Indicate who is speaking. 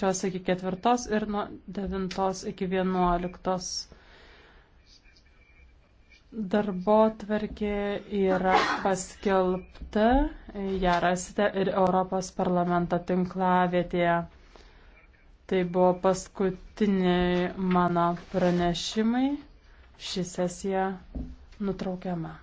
Speaker 1: Šios iki ketvirtos ir nuo devintos iki vienuoliktos. Darbo tvarkė yra paskelbta, ją rasite ir Europos parlamento tinklavietėje. Tai buvo paskutiniai mano pranešimai. Ši sesija nutraukiama.